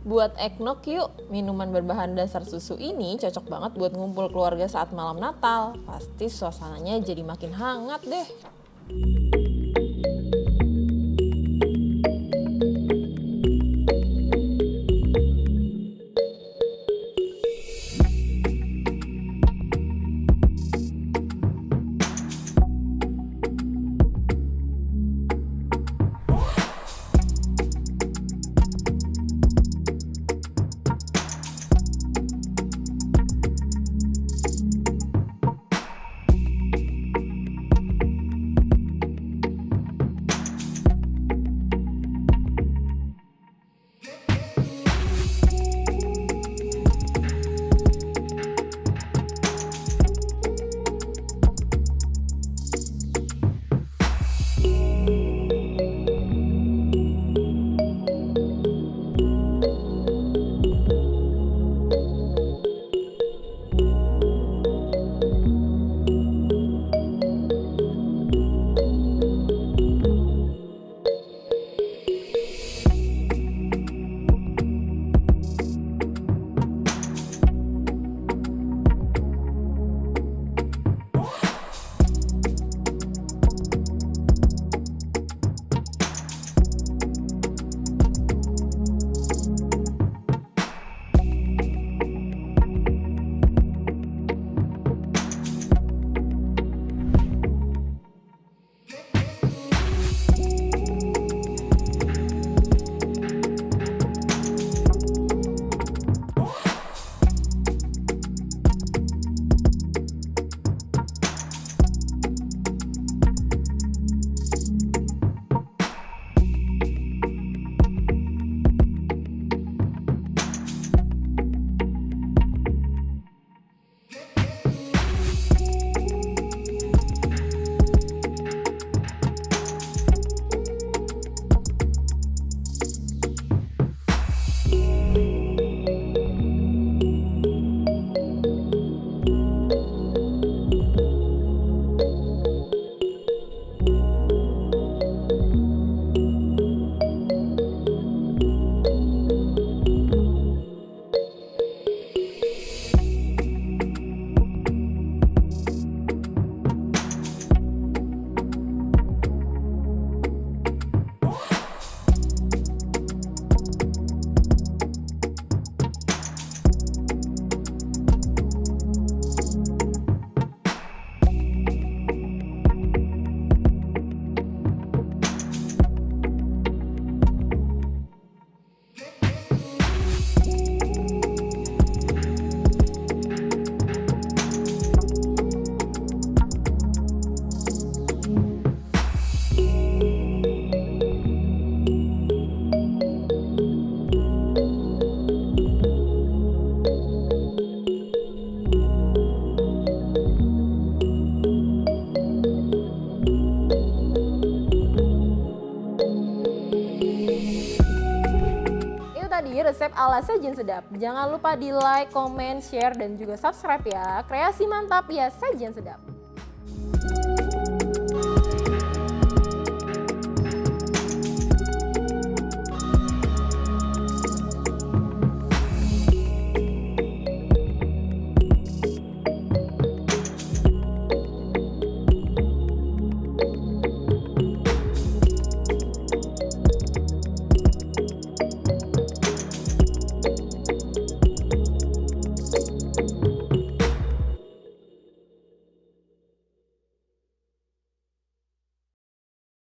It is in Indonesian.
Buat eggnog yuk, minuman berbahan dasar susu ini cocok banget buat ngumpul keluarga saat malam Natal. Pasti suasananya jadi makin hangat deh. resep ala sajian sedap. Jangan lupa di like, comment, share, dan juga subscribe ya. Kreasi mantap ya sajian sedap.